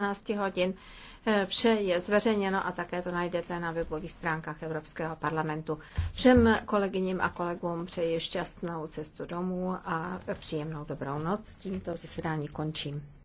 12 hodin. Eh, vše je zveřejněno a také to najdete na webových stránkách Evropského parlamentu. Všem kolegyním a kolegům přeji šťastnou cestu domů a příjemnou dobrou noc. Tímto zasedání končím.